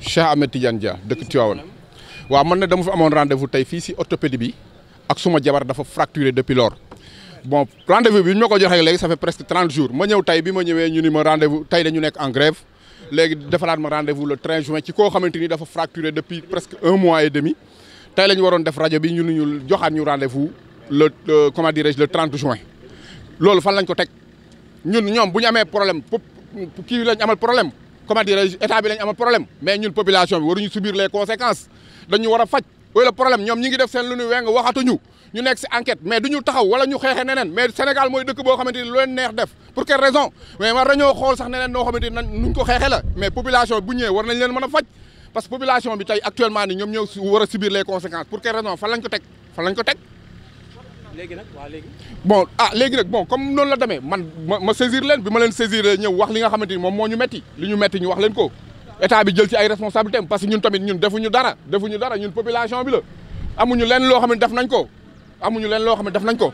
Cheikh Ahmed Tidiane Dia dëkk Tivaouane waaw mën na dama fi amoon rendez-vous tey fii si orthopédie bi ak suma jabar dafa fracturé depuis lors bon rendez-vous bi ñu ma ko joxee léegi ça fait presque trente jours ma ñëw tey bi ma ñëwee ñu ni ma rendez-vous tey dañu nekk en grève léegi defalaat ma rendez-vous le 13 juin ci koo xamante ni dafa fracturé depuis presque un mois et demi tey la ñu waroon def rajo bi ñu ni ñu joxaat ñu rendez-vous le comment dirais le 30 juin loolu fan lañ ko teg ñun ñoom bu ñu amee problème kii lañ amal problème comme dirais-je état bi lañ amal problème mais ñun population bi waruñu subir les conséquences dañu war a faj ooy problème ñoom ñi def seen lu ñu weng waxatuñu ñu nekk si enquête mais duñu taxaw wala ñu xeexe neneen mais Sénégal mooy dëkk boo xamante lu neex def pour quelle raison mais war nañoo xool sax neneen noo xamante ni ko xeexe la mais population bu ñëwee war nañ leen mën faj parce que population bi tey actuellement ni ñoom ñoo war subir les conséquences léegi nag waaw léegi. bon ah léegi nag bon comme noonu la demee man ma ma saisir leen bi ma leen saisir ñëw wax li nga xamante ni moom moo ñu metti li ñu metti ñu wax leen ko état bi jël ci ay responsabilités parce que ñun tamit ñun defuñu dara defuñu dara ñun population bi la amuñu leen loo xam ne def nañ ko amuñu leen loo xam ne nañ ko